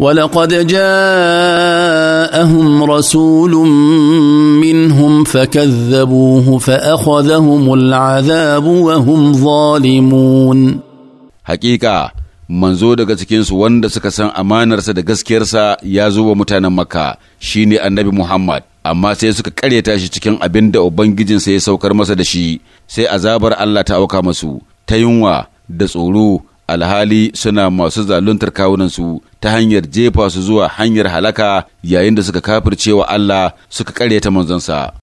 ولقد جاءهم رسول منهم فكذبوه فأخذهم العذاب وهم ظالمون حقيقة manzo daga cikinsu wanda suka san amanarsa da gaskiyarsa ya zo wa mutanen makka shine annabi muhammad amma sai suka karyata shi cikin abin da ubangijinsa ya saukar masa da shi sai azabar allah ta auka masu ta yunwa da tsoro alhali suna masu zaluntar kawunansu ta hanyar jefa su zuwa hanyar halaka yayin da suka kafircewa Allah suka ta manzansa